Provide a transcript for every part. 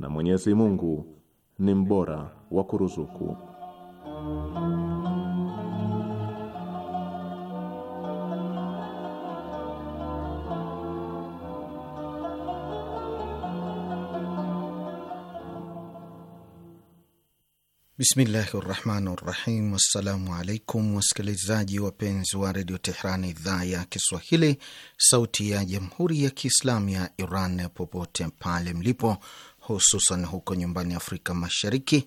na Mwenyezi Mungu ni mbora wa kuruzuku. Bismillahi rahmani rahim. Assalamu alaikum wasikilizaji wapenzi wa redio Tehran, idhaa ya Kiswahili, sauti ya jamhuri ya kiislamu ya Iran, popote pale mlipo hususan huko nyumbani Afrika Mashariki.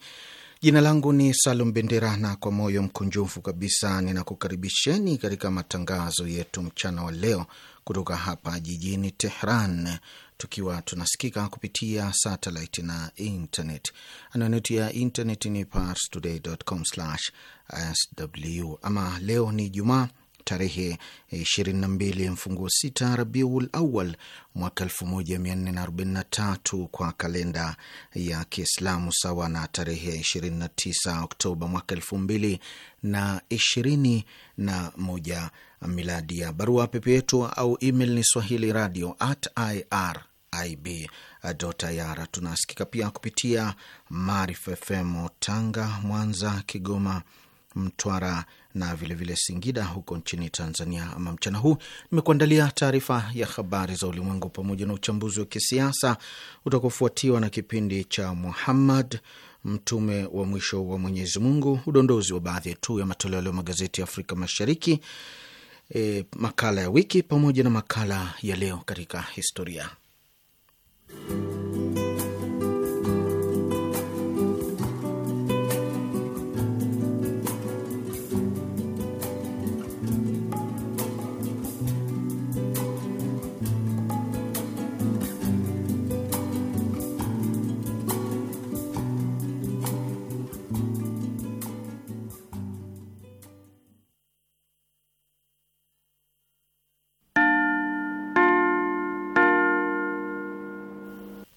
Jina langu ni Salum Bendera, na kwa moyo mkunjufu kabisa ninakukaribisheni katika matangazo yetu mchana wa leo kutoka hapa jijini Tehran, tukiwa tunasikika kupitia satellite na internet. Anwani ya internet ni parstoday.com/sw. Ama leo ni Jumaa tarehe 22 mfunguo 6 Rabiul Awal mwaka 1443 kwa kalenda ya Kiislamu, sawa na tarehe 29 Oktoba mwaka 2021 miladi. Ya barua pepe yetu au email ni swahili radio at ir IB.IR. Tunasikika pia kupitia Maarifa FM Tanga, Mwanza, Kigoma Mtwara na vilevile vile Singida huko nchini Tanzania. Ama mchana huu nimekuandalia taarifa ya habari za ulimwengu pamoja na uchambuzi wa kisiasa utakofuatiwa na kipindi cha Muhammad mtume wa mwisho wa Mwenyezi Mungu, udondozi wa baadhi ya tu ya matoleo aliyo magazeti ya Afrika Mashariki, e, makala ya wiki pamoja na makala ya leo katika historia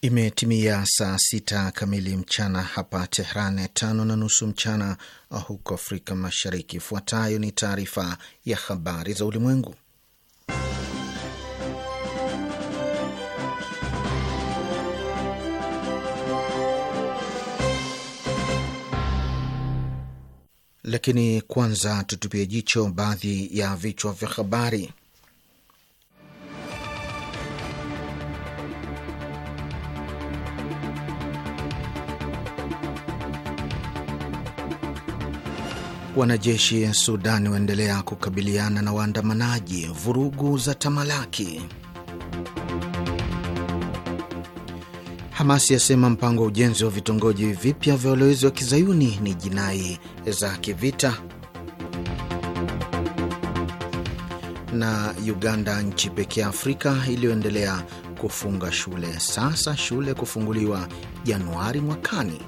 Imetimia saa sita kamili mchana hapa Tehran, tano na nusu mchana huko Afrika Mashariki. Ifuatayo ni taarifa ya habari za ulimwengu, lakini kwanza tutupie jicho baadhi ya vichwa vya habari. Wanajeshi Sudani waendelea kukabiliana na waandamanaji, vurugu za tamalaki. Hamasi yasema mpango wa ujenzi wa vitongoji vipya vya walowezi wa kizayuni ni jinai za kivita. Na Uganda, nchi pekee Afrika iliyoendelea kufunga shule, sasa shule kufunguliwa Januari mwakani.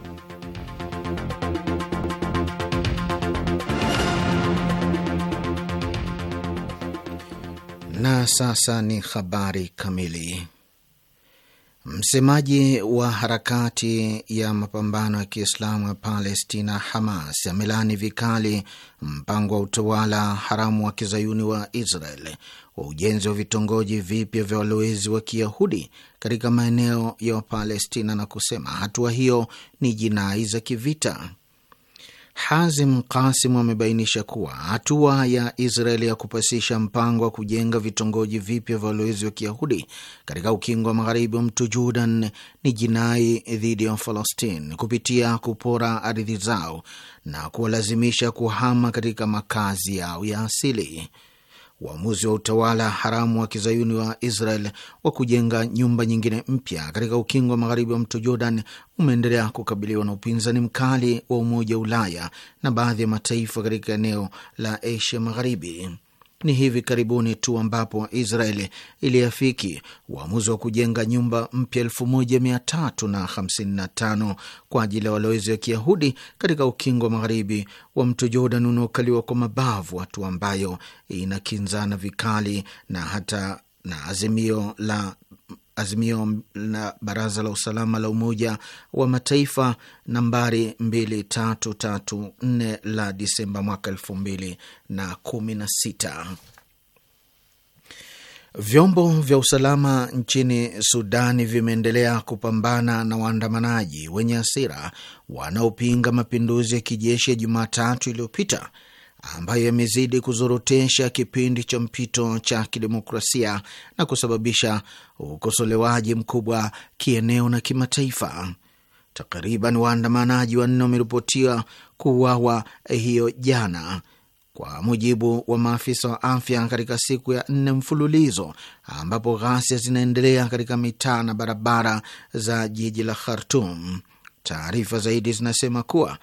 Na sasa ni habari kamili. Msemaji wa harakati ya mapambano ya Kiislamu ya Palestina, Hamas, amelaani vikali mpango wa utawala haramu wa kizayuni wa Israel wa ujenzi wa vitongoji vipya vya walowezi wa kiyahudi katika maeneo ya Wapalestina na kusema hatua hiyo ni jinai za kivita. Hazim Kasim amebainisha kuwa hatua ya Israeli ya kupasisha mpango wa kujenga vitongoji vipya vya walowezi wa kiyahudi katika ukingo wa magharibi wa mto Jordan ni jinai dhidi ya Falastini kupitia kupora ardhi zao na kuwalazimisha kuhama katika makazi yao ya asili uamuzi wa utawala haramu wa kizayuni wa Israel wa kujenga nyumba nyingine mpya katika ukingo wa magharibi wa mto Jordan umeendelea kukabiliwa na upinzani mkali wa Umoja wa Ulaya na baadhi ya mataifa katika eneo la Asia Magharibi ni hivi karibuni tu ambapo Israeli iliafiki uamuzi wa kujenga nyumba mpya elfu moja mia tatu na hamsini na tano kwa ajili ya walowezi wa Kiyahudi katika ukingo wa magharibi wa mto Jordan unaokaliwa kwa mabavu, hatua ambayo inakinzana vikali na hata na azimio la azimio na Baraza la Usalama la Umoja wa Mataifa nambari 2334 la Disemba mwaka sita Vyombo vya usalama nchini Sudani vimeendelea kupambana na waandamanaji wenye hasira wanaopinga mapinduzi ya kijeshi ya Jumatatu iliyopita ambayo yamezidi kuzorotesha kipindi cha mpito cha kidemokrasia na kusababisha ukosolewaji mkubwa kieneo na kimataifa. Takriban waandamanaji wanne wameripotiwa kuuawa hiyo jana, kwa mujibu wa maafisa wa afya, katika siku ya nne mfululizo ambapo ghasia zinaendelea katika mitaa na barabara za jiji la Khartum. Taarifa zaidi zinasema kuwa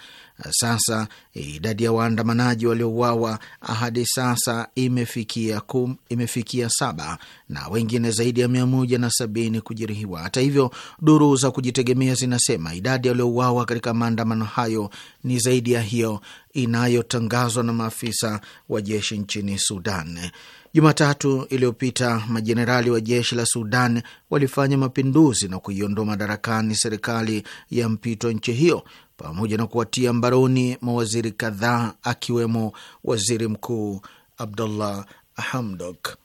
sasa idadi ya waandamanaji waliouawa hadi sasa imefikia kum, imefikia saba na wengine zaidi ya mia moja na sabini kujeruhiwa. Hata hivyo, duru za kujitegemea zinasema idadi waliouawa katika maandamano hayo ni zaidi ya hiyo inayotangazwa na maafisa wa jeshi nchini Sudan. Jumatatu iliyopita majenerali wa jeshi la Sudan walifanya mapinduzi na kuiondoa madarakani serikali ya mpito nchi hiyo pamoja na kuwatia mbaroni mawaziri kadhaa akiwemo waziri mkuu Abdullah Hamdok.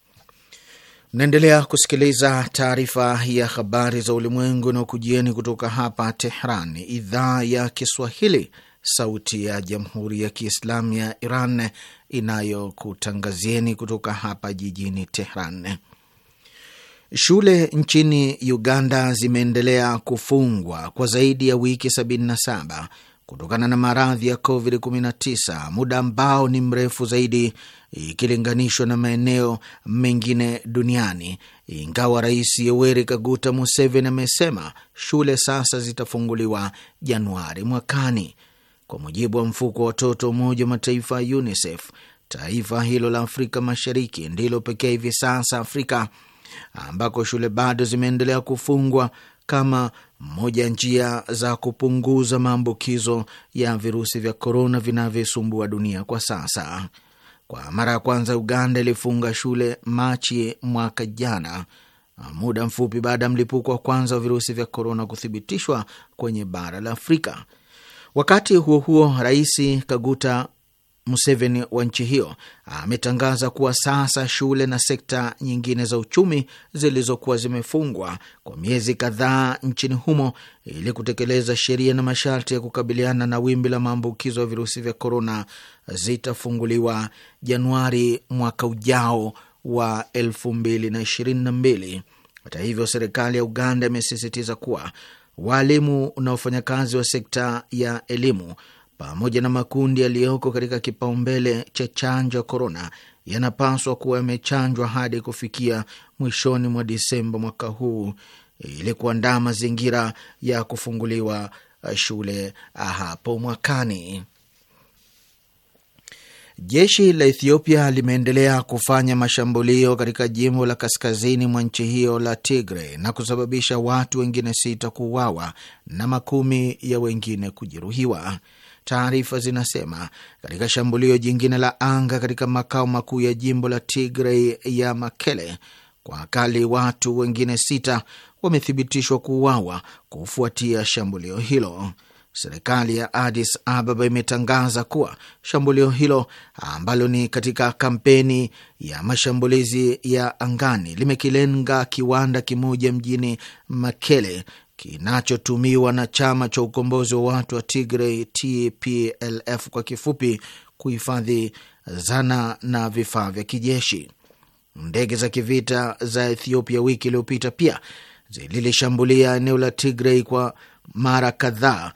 Mnaendelea kusikiliza taarifa ya habari za ulimwengu na ukujieni kutoka hapa Tehran, idhaa ya Kiswahili, sauti ya jamhuri ya kiislamu ya Iran inayokutangazieni kutoka hapa jijini Tehran. Shule nchini Uganda zimeendelea kufungwa kwa zaidi ya wiki 77 kutokana na maradhi ya COVID-19, muda ambao ni mrefu zaidi ikilinganishwa na maeneo mengine duniani, ingawa Rais Yoweri Kaguta Museveni amesema shule sasa zitafunguliwa Januari mwakani. Kwa mujibu wa mfuko wa watoto Umoja wa Mataifa UNICEF, taifa hilo la Afrika Mashariki ndilo pekee hivi sasa Afrika ambako shule bado zimeendelea kufungwa kama moja njia za kupunguza maambukizo ya virusi vya korona vinavyosumbua dunia kwa sasa. Kwa mara ya kwanza Uganda ilifunga shule Machi mwaka jana, muda mfupi baada ya mlipuko wa kwanza wa virusi vya korona kuthibitishwa kwenye bara la Afrika. Wakati huo huo, Rais Kaguta Museveni wa nchi hiyo ametangaza kuwa sasa shule na sekta nyingine za uchumi zilizokuwa zimefungwa kwa miezi kadhaa nchini humo ili kutekeleza sheria na masharti ya kukabiliana na wimbi la maambukizo ya virusi vya korona zitafunguliwa Januari mwaka ujao wa elfu mbili na ishirini na mbili. Hata hivyo, serikali ya Uganda imesisitiza kuwa waalimu na wafanyakazi wa sekta ya elimu pamoja na makundi yaliyoko katika kipaumbele cha chanjo ya korona yanapaswa kuwa yamechanjwa hadi kufikia mwishoni mwa Disemba mwaka huu ili kuandaa mazingira ya kufunguliwa shule hapo mwakani. Jeshi la Ethiopia limeendelea kufanya mashambulio katika jimbo la kaskazini mwa nchi hiyo la Tigre na kusababisha watu wengine sita kuuawa na makumi ya wengine kujeruhiwa. Taarifa zinasema katika shambulio jingine la anga katika makao makuu ya jimbo la Tigre ya makele kwa akali watu wengine sita wamethibitishwa kuuawa kufuatia shambulio hilo. Serikali ya Addis Ababa imetangaza kuwa shambulio hilo ambalo ni katika kampeni ya mashambulizi ya angani limekilenga kiwanda kimoja mjini Makele kinachotumiwa na chama cha ukombozi wa watu wa Tigray TPLF kwa kifupi kuhifadhi zana na vifaa vya kijeshi. Ndege za kivita za Ethiopia wiki iliyopita pia zililishambulia eneo la Tigray kwa mara kadhaa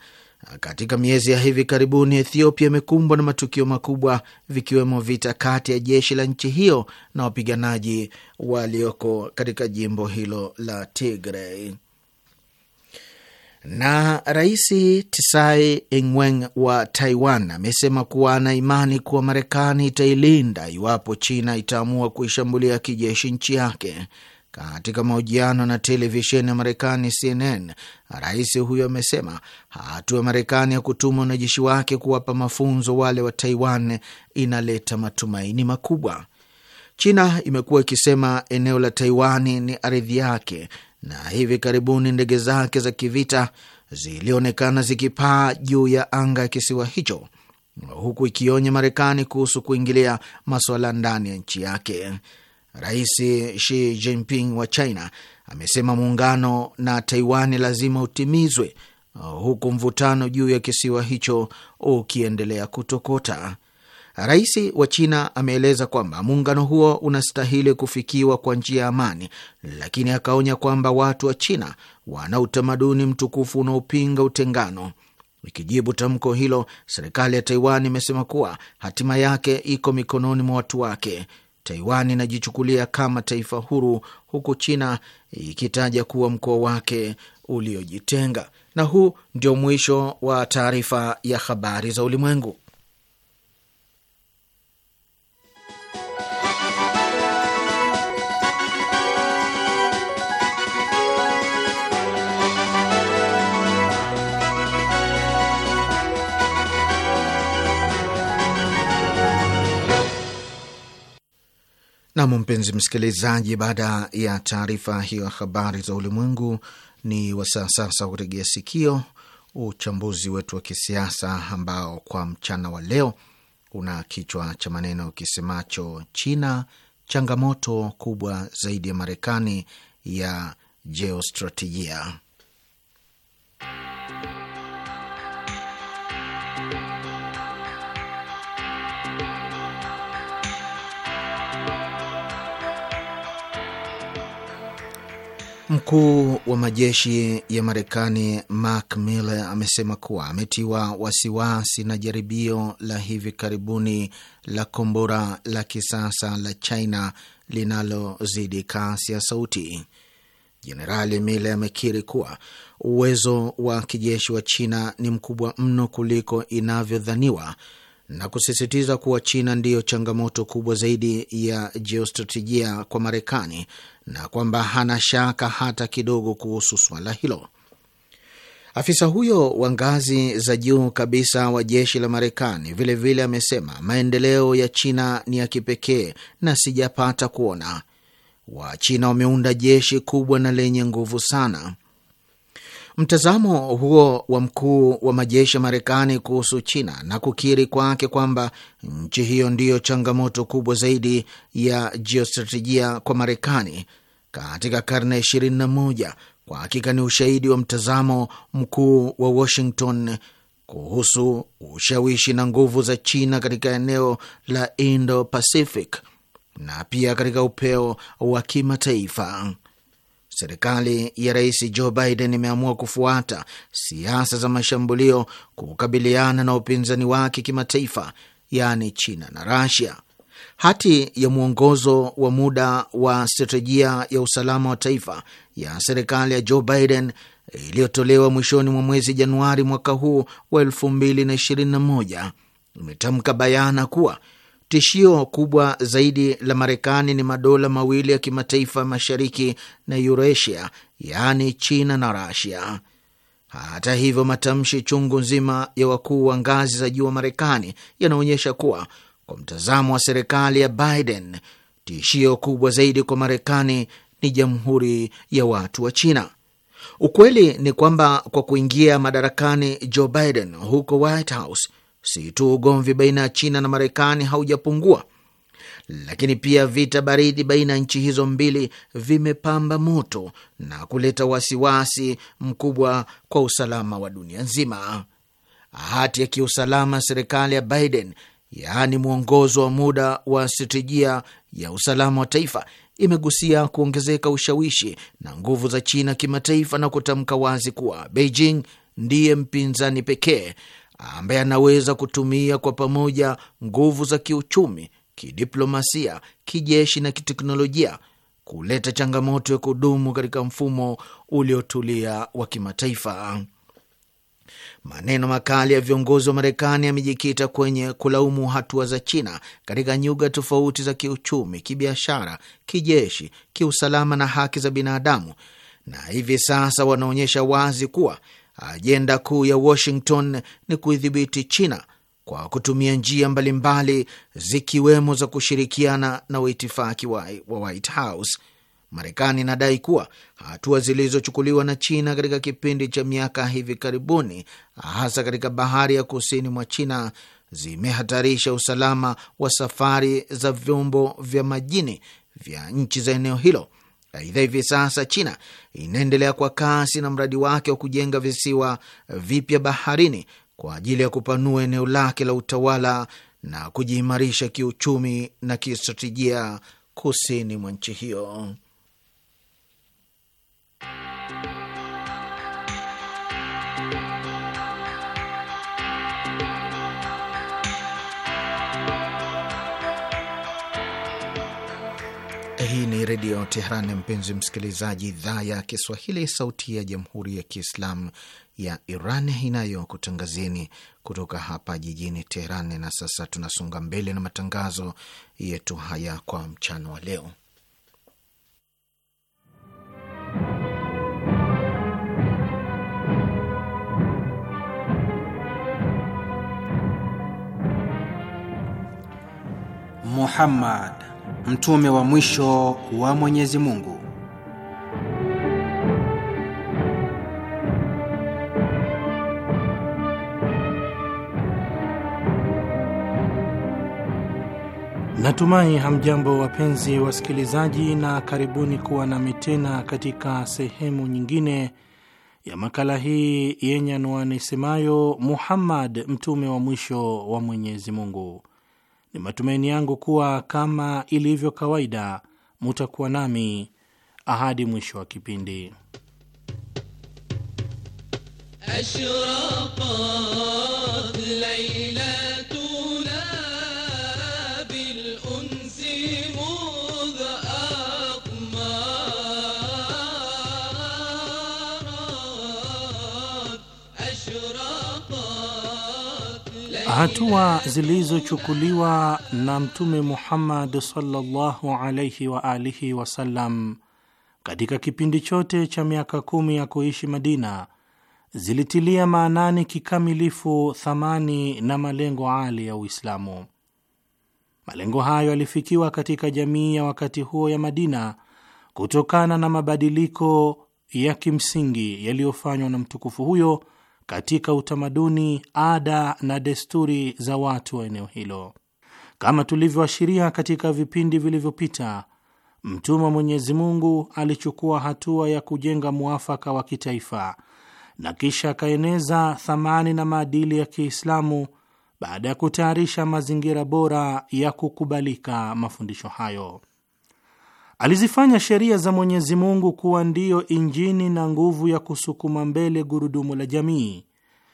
katika miezi ya hivi karibuni, Ethiopia imekumbwa na matukio makubwa, vikiwemo vita kati ya jeshi la nchi hiyo na wapiganaji walioko katika jimbo hilo la Tigray. Na Rais Tsai Ingwen wa Taiwan amesema kuwa ana imani kuwa Marekani itailinda iwapo China itaamua kuishambulia kijeshi nchi yake. Katika mahojiano na televisheni ya Marekani CNN, rais huyo amesema hatua ya Marekani ya kutuma wanajeshi wake kuwapa mafunzo wale wa Taiwan inaleta matumaini makubwa. China imekuwa ikisema eneo la Taiwani ni ardhi yake, na hivi karibuni ndege zake za kivita zilionekana zikipaa juu ya anga ya kisiwa hicho, huku ikionya Marekani kuhusu kuingilia masuala ndani ya nchi yake. Rais Xi Jinping wa China amesema muungano na Taiwan lazima utimizwe, huku mvutano juu ya kisiwa hicho ukiendelea kutokota. Rais wa China ameeleza kwamba muungano huo unastahili kufikiwa kwa njia ya amani, lakini akaonya kwamba watu wa China wana utamaduni mtukufu unaopinga utengano. Ikijibu tamko hilo, serikali ya Taiwan imesema kuwa hatima yake iko mikononi mwa watu wake. Taiwan inajichukulia kama taifa huru, huku China ikitaja kuwa mkoa wake uliojitenga. Na huu ndio mwisho wa taarifa ya habari za ulimwengu. Nam, mpenzi msikilizaji, baada ya taarifa hiyo ya habari za ulimwengu, ni wasaa sasa kutegea sikio uchambuzi wetu wa kisiasa ambao kwa mchana wa leo una kichwa cha maneno kisemacho China, changamoto kubwa zaidi ya Marekani ya jeostratejia. Mkuu wa majeshi ya Marekani Mark Miller amesema kuwa ametiwa wasiwasi na jaribio la hivi karibuni la kombora la kisasa la China linalozidi kasi ya sauti. Jenerali Miller amekiri kuwa uwezo wa kijeshi wa China ni mkubwa mno kuliko inavyodhaniwa na kusisitiza kuwa China ndiyo changamoto kubwa zaidi ya jiostratejia kwa Marekani na kwamba hana shaka hata kidogo kuhusu swala hilo. Afisa huyo wa ngazi za juu kabisa wa jeshi la Marekani vilevile amesema maendeleo ya China ni ya kipekee na sijapata kuona. Wachina wameunda jeshi kubwa na lenye nguvu sana. Mtazamo huo wa mkuu wa majeshi ya Marekani kuhusu China na kukiri kwake kwamba nchi hiyo ndiyo changamoto kubwa zaidi ya jiostratejia kwa Marekani katika karne ya 21 kwa hakika ni ushahidi wa mtazamo mkuu wa Washington kuhusu ushawishi na nguvu za China katika eneo la Indo Pacific na pia katika upeo wa kimataifa. Serikali ya Rais Joe Biden imeamua kufuata siasa za mashambulio kukabiliana na upinzani wake kimataifa, yaani China na Rasia. Hati ya mwongozo wa muda wa stratejia ya usalama wa taifa ya serikali ya Joe Biden iliyotolewa mwishoni mwa mwezi Januari mwaka huu wa 2021 imetamka bayana kuwa Tishio kubwa zaidi la Marekani ni madola mawili ya kimataifa mashariki na Eurasia, yaani China na Rusia. Hata hivyo, matamshi chungu nzima ya wakuu wa ngazi za juu wa Marekani yanaonyesha kuwa kwa mtazamo wa serikali ya Biden, tishio kubwa zaidi kwa Marekani ni Jamhuri ya Watu wa China. Ukweli ni kwamba kwa kuingia madarakani Joe Biden huko White House Si tu ugomvi baina ya China na Marekani haujapungua, lakini pia vita baridi baina ya nchi hizo mbili vimepamba moto na kuleta wasiwasi mkubwa kwa usalama wa dunia nzima. Hati ya kiusalama serikali ya Biden, yaani mwongozo wa muda wa stratejia ya usalama wa taifa, imegusia kuongezeka ushawishi na nguvu za China kimataifa na kutamka wazi kuwa Beijing ndiye mpinzani pekee ambaye anaweza kutumia kwa pamoja nguvu za kiuchumi, kidiplomasia, kijeshi na kiteknolojia kuleta changamoto ya kudumu katika mfumo uliotulia wa kimataifa. Maneno makali ya viongozi wa Marekani yamejikita kwenye kulaumu hatua za China katika nyuga tofauti za kiuchumi, kibiashara, kijeshi, kiusalama na haki za binadamu, na hivi sasa wanaonyesha wazi kuwa ajenda kuu ya Washington ni kuidhibiti China kwa kutumia njia mbalimbali zikiwemo za kushirikiana na waitifaki wa White House. Marekani inadai kuwa hatua zilizochukuliwa na China katika kipindi cha miaka hivi karibuni, hasa katika bahari ya kusini mwa China, zimehatarisha usalama wa safari za vyombo vya majini vya nchi za eneo hilo Aidha, hivi sasa China inaendelea kwa kasi na mradi wake wa kujenga visiwa vipya baharini kwa ajili ya kupanua eneo lake la utawala na kujiimarisha kiuchumi na kistratejia kusini mwa nchi hiyo. Hii ni Redio teheran mpenzi msikilizaji, idhaa ya Kiswahili, sauti ya Jamhuri ya Kiislamu ya Iran inayokutangazieni kutoka hapa jijini Tehran. Na sasa tunasonga mbele na matangazo yetu haya kwa mchana wa leo. Muhammad mtume wa mwisho wa Mwenyezi Mungu. Natumai hamjambo wapenzi wasikilizaji, na karibuni kuwa nami tena katika sehemu nyingine ya makala hii yenye anwani semayo Muhammad mtume wa mwisho wa Mwenyezi Mungu. Ni matumaini yangu kuwa kama ilivyo kawaida, mutakuwa nami ahadi mwisho wa kipindi. Hatua zilizochukuliwa na Mtume Muhammad sallallahu alaihi wa alihi wasallam katika kipindi chote cha miaka kumi ya kuishi Madina zilitilia maanani kikamilifu thamani na malengo ali ya Uislamu. Malengo hayo yalifikiwa katika jamii ya wakati huo ya Madina kutokana na mabadiliko ya kimsingi yaliyofanywa na mtukufu huyo katika utamaduni, ada na desturi za watu wa eneo hilo. Kama tulivyoashiria katika vipindi vilivyopita, mtume wa Mwenyezi Mungu alichukua hatua ya kujenga mwafaka wa kitaifa na kisha akaeneza thamani na maadili ya Kiislamu baada ya kutayarisha mazingira bora ya kukubalika mafundisho hayo. Alizifanya sheria za Mwenyezi Mungu kuwa ndiyo injini na nguvu ya kusukuma mbele gurudumu la jamii.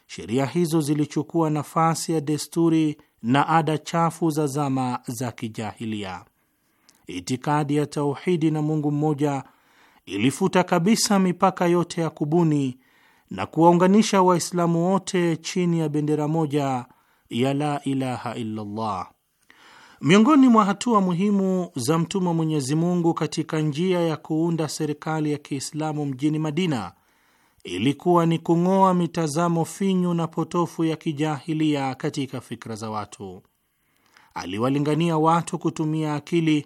Sheria hizo zilichukua nafasi ya desturi na ada chafu za zama za kijahilia. Itikadi ya tauhidi na Mungu mmoja ilifuta kabisa mipaka yote ya kubuni na kuwaunganisha Waislamu wote chini ya bendera moja ya la ilaha illallah. Miongoni mwa hatua muhimu za mtume wa Mwenyezi Mungu katika njia ya kuunda serikali ya Kiislamu mjini Madina ilikuwa ni kung'oa mitazamo finyu na potofu ya kijahilia katika fikra za watu. Aliwalingania watu kutumia akili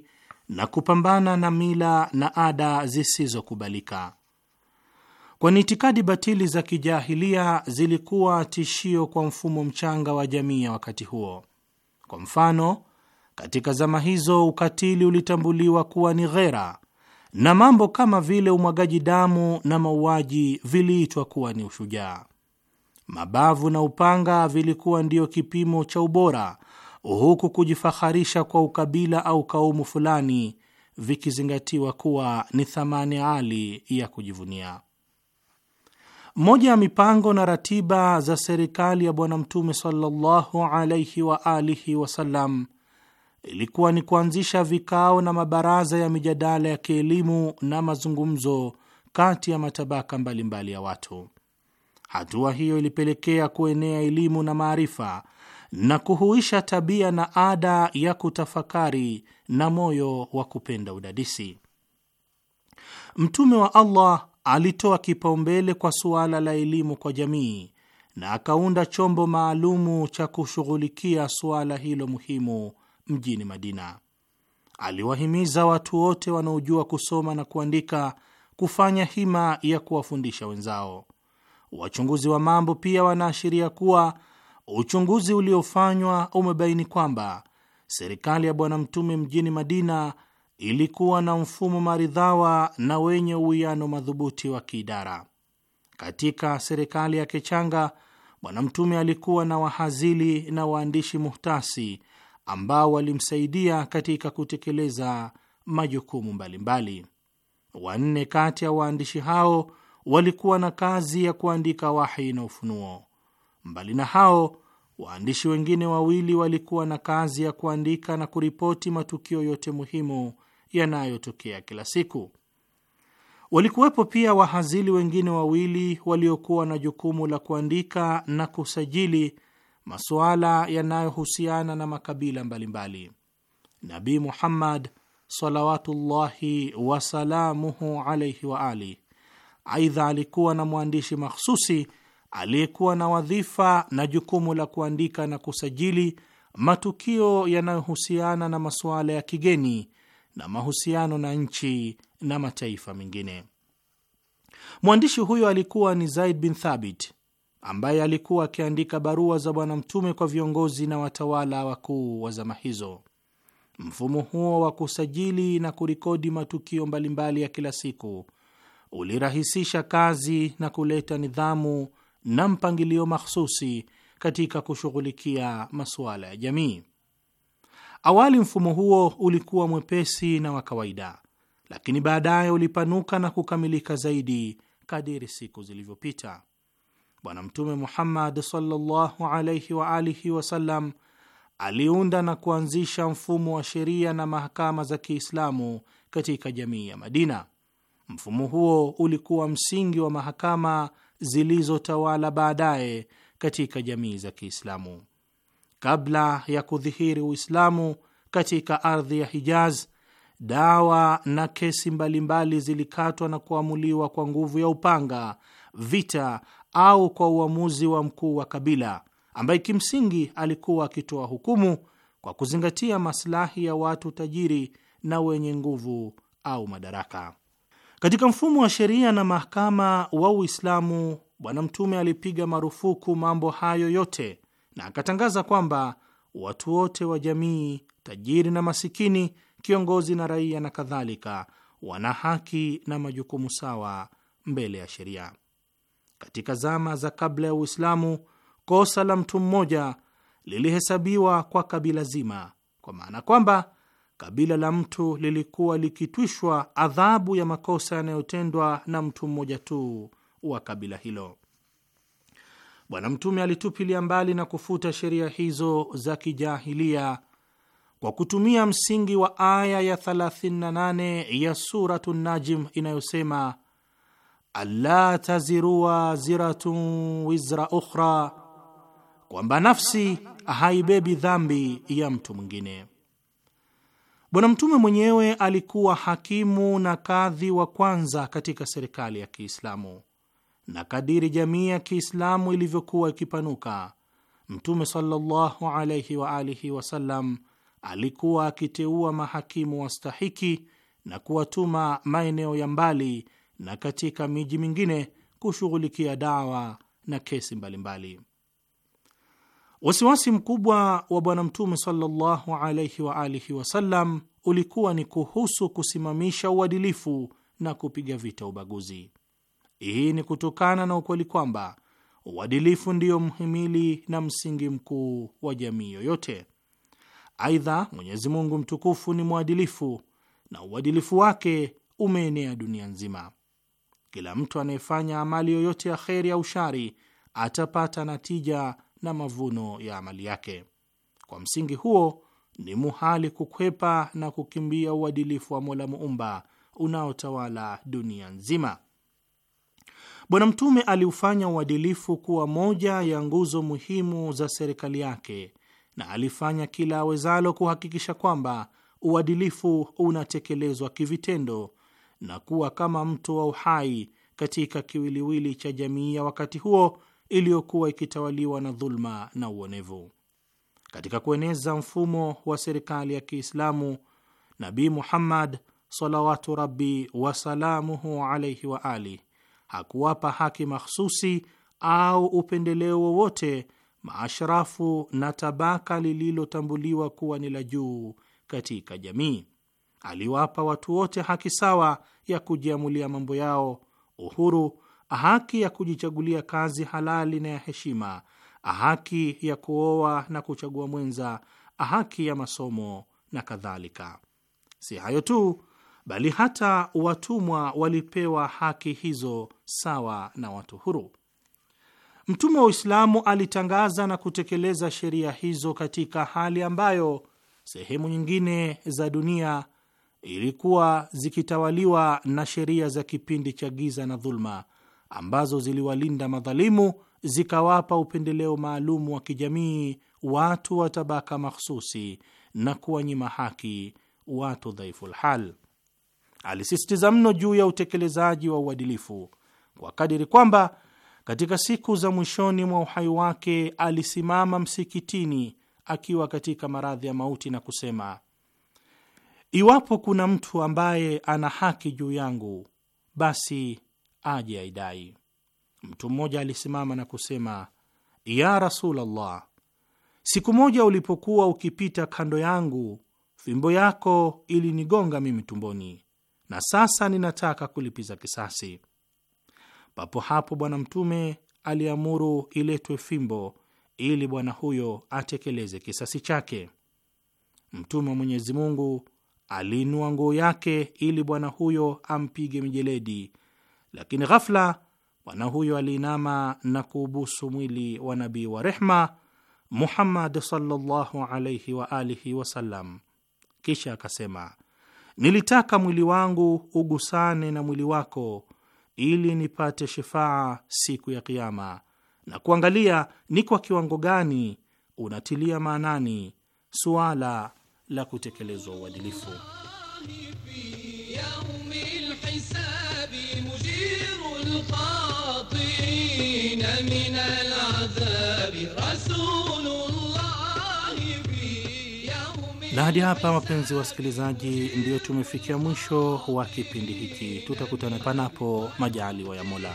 na kupambana na mila na ada zisizokubalika, kwani itikadi batili za kijahilia zilikuwa tishio kwa mfumo mchanga wa jamii ya wakati huo. Kwa mfano katika zama hizo ukatili ulitambuliwa kuwa ni ghera na mambo kama vile umwagaji damu na mauaji viliitwa kuwa ni ushujaa. Mabavu na upanga vilikuwa ndiyo kipimo cha ubora, huku kujifaharisha kwa ukabila au kaumu fulani vikizingatiwa kuwa ni thamani hali ya kujivunia. Moja ya mipango na ratiba za serikali ya Bwana Mtume sallallahu alaihi wa alihi wasallam ilikuwa ni kuanzisha vikao na mabaraza ya mijadala ya kielimu na mazungumzo kati ya matabaka mbalimbali mbali ya watu. Hatua hiyo ilipelekea kuenea elimu na maarifa na kuhuisha tabia na ada ya kutafakari na moyo wa kupenda udadisi. Mtume wa Allah alitoa kipaumbele kwa suala la elimu kwa jamii na akaunda chombo maalumu cha kushughulikia suala hilo muhimu mjini Madina. Aliwahimiza watu wote wanaojua kusoma na kuandika kufanya hima ya kuwafundisha wenzao. Wachunguzi wa mambo pia wanaashiria kuwa uchunguzi uliofanywa umebaini kwamba serikali ya Bwana Mtume mjini Madina ilikuwa na mfumo maridhawa na wenye uwiano madhubuti wa kiidara. Katika serikali yake changa, Bwana Mtume alikuwa na wahazili na waandishi muhtasi ambao walimsaidia katika kutekeleza majukumu mbalimbali. Wanne kati ya waandishi hao walikuwa na kazi ya kuandika wahi na ufunuo. Mbali na hao, waandishi wengine wawili walikuwa na kazi ya kuandika na kuripoti matukio yote muhimu yanayotokea kila siku. Walikuwepo pia wahazili wengine wawili waliokuwa na jukumu la kuandika na kusajili masuala yanayohusiana na makabila mbalimbali. Nabi Muhammad salawatullahi wasalamuhu alaihi wa ali, aidha alikuwa na mwandishi makhususi aliyekuwa na wadhifa na jukumu la kuandika na kusajili matukio yanayohusiana na masuala ya kigeni na mahusiano na nchi na mataifa mengine. Mwandishi huyo alikuwa ni Zaid bin Thabit ambaye alikuwa akiandika barua za Bwana Mtume kwa viongozi na watawala wakuu wa zama hizo. Mfumo huo wa kusajili na kurikodi matukio mbalimbali ya kila siku ulirahisisha kazi na kuleta nidhamu na mpangilio mahsusi katika kushughulikia masuala ya jamii. Awali mfumo huo ulikuwa mwepesi na wa kawaida, lakini baadaye ulipanuka na kukamilika zaidi kadiri siku zilivyopita. Bwana Mtume Muhammad sallallahu alaihi alihi wasallam aliunda na kuanzisha mfumo wa sheria na mahakama za Kiislamu katika jamii ya Madina. Mfumo huo ulikuwa msingi wa mahakama zilizotawala baadaye katika jamii za Kiislamu. Kabla ya kudhihiri Uislamu katika ardhi ya Hijaz, dawa na kesi mbalimbali zilikatwa na kuamuliwa kwa nguvu ya upanga, vita au kwa uamuzi wa mkuu wa kabila ambaye kimsingi alikuwa akitoa hukumu kwa kuzingatia maslahi ya watu tajiri na wenye nguvu au madaraka. Katika mfumo wa sheria na mahakama wa Uislamu, Bwana Mtume alipiga marufuku mambo hayo yote na akatangaza kwamba watu wote wa jamii, tajiri na masikini, kiongozi na raia na kadhalika, wana haki na majukumu sawa mbele ya sheria katika zama za kabla ya Uislamu, kosa la mtu mmoja lilihesabiwa kwa kabila zima, kwa maana kwamba kabila la mtu lilikuwa likitwishwa adhabu ya makosa yanayotendwa na mtu mmoja tu wa kabila hilo. Bwana Mtume alitupilia mbali na kufuta sheria hizo za kijahilia kwa kutumia msingi wa aya ya 38 ya Suratu Najim inayosema alla tazirua ziratun wizra ukhra, kwamba nafsi haibebi dhambi ya mtu mwingine. Bwana Mtume mwenyewe alikuwa hakimu na kadhi wa kwanza katika serikali ya Kiislamu, na kadiri jamii ya Kiislamu ilivyokuwa ikipanuka, Mtume sallallahu alayhi wa alihi wasallam alikuwa akiteua mahakimu wastahiki na kuwatuma maeneo ya mbali na katika miji mingine kushughulikia dawa na kesi mbalimbali. Wasiwasi mkubwa wa Bwana Mtume sallallahu alaihi wa alihi wasallam ulikuwa ni kuhusu kusimamisha uadilifu na kupiga vita ubaguzi. Hii ni kutokana na ukweli kwamba uadilifu ndiyo mhimili na msingi mkuu wa jamii yoyote. Aidha, Mwenyezi Mungu mtukufu ni mwadilifu na uadilifu wake umeenea dunia nzima kila mtu anayefanya amali yoyote ya kheri au shari atapata natija na mavuno ya amali yake. Kwa msingi huo, ni muhali kukwepa na kukimbia uadilifu wa Mola Muumba unaotawala dunia nzima. Bwana Mtume aliufanya uadilifu kuwa moja ya nguzo muhimu za serikali yake na alifanya kila awezalo kuhakikisha kwamba uadilifu unatekelezwa kivitendo na kuwa kama mtu wa uhai katika kiwiliwili cha jamii ya wakati huo iliyokuwa ikitawaliwa na dhulma na uonevu. Katika kueneza mfumo wa serikali ya Kiislamu, Nabi Muhammad salawatu rabi wasalamuhu alaihi wa ali hakuwapa haki makhususi au upendeleo wowote maashrafu na tabaka lililotambuliwa kuwa ni la juu katika jamii. Aliwapa watu wote haki sawa ya kujiamulia mambo yao, uhuru, haki ya kujichagulia kazi halali na ya heshima, haki ya kuoa na kuchagua mwenza, haki ya masomo na kadhalika. Si hayo tu, bali hata watumwa walipewa haki hizo sawa na watu huru. Mtume wa Uislamu alitangaza na kutekeleza sheria hizo katika hali ambayo sehemu nyingine za dunia ilikuwa zikitawaliwa na sheria za kipindi cha giza na dhuluma ambazo ziliwalinda madhalimu, zikawapa upendeleo maalumu wa kijamii watu wa tabaka mahsusi na kuwanyima haki watu dhaifu lhal. Alisisitiza mno juu ya utekelezaji wa uadilifu kwa kadiri kwamba katika siku za mwishoni mwa uhai wake alisimama msikitini akiwa katika maradhi ya mauti na kusema Iwapo kuna mtu ambaye ana haki juu yangu, basi aje aidai. Mtu mmoja alisimama na kusema, ya rasulllah siku moja ulipokuwa ukipita kando yangu, fimbo yako ilinigonga mimi tumboni, na sasa ninataka kulipiza kisasi. Papo hapo Bwana Mtume aliamuru iletwe fimbo ili bwana huyo atekeleze kisasi chake. Mtume wa Mwenyezi Mungu aliinua nguo yake ili bwana huyo ampige mijeledi, lakini ghafla bwana huyo aliinama na kuubusu mwili wa nabii wa rehma Muhammad sallallahu alayhi wa alihi wasallam. Kisha akasema, nilitaka mwili wangu ugusane na mwili wako ili nipate shifaa siku ya Kiama na kuangalia ni kwa kiwango gani unatilia maanani suala la kutekelezwa uadilifu. Na hadi hapa, wapenzi wasikilizaji, ndio tumefikia mwisho wa kipindi hiki. Tutakutana panapo majaliwa ya Mola.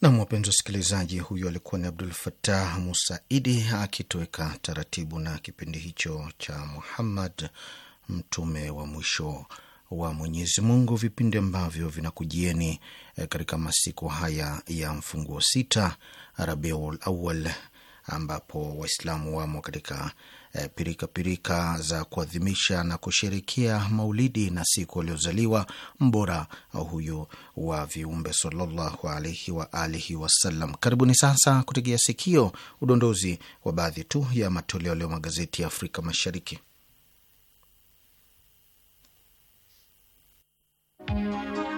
nam. Wapenzi wasikilizaji, huyo alikuwa ni Abdul fatah Musaidi akitoweka taratibu na kipindi hicho cha Muhammad mtume wa mwisho wa Mwenyezi Mungu, vipindi ambavyo vinakujieni eh, katika masiku haya ya mfunguo sita Rabiul Awal, ambapo Waislamu wamo katika pirikapirika eh, pirika za kuadhimisha na kusherekea maulidi na siku aliozaliwa mbora huyu wa viumbe sallallahu alaihi wa alihi wasallam. Karibuni sasa kutegea sikio udondozi wa baadhi tu ya matoleo leo magazeti ya Afrika Mashariki. Música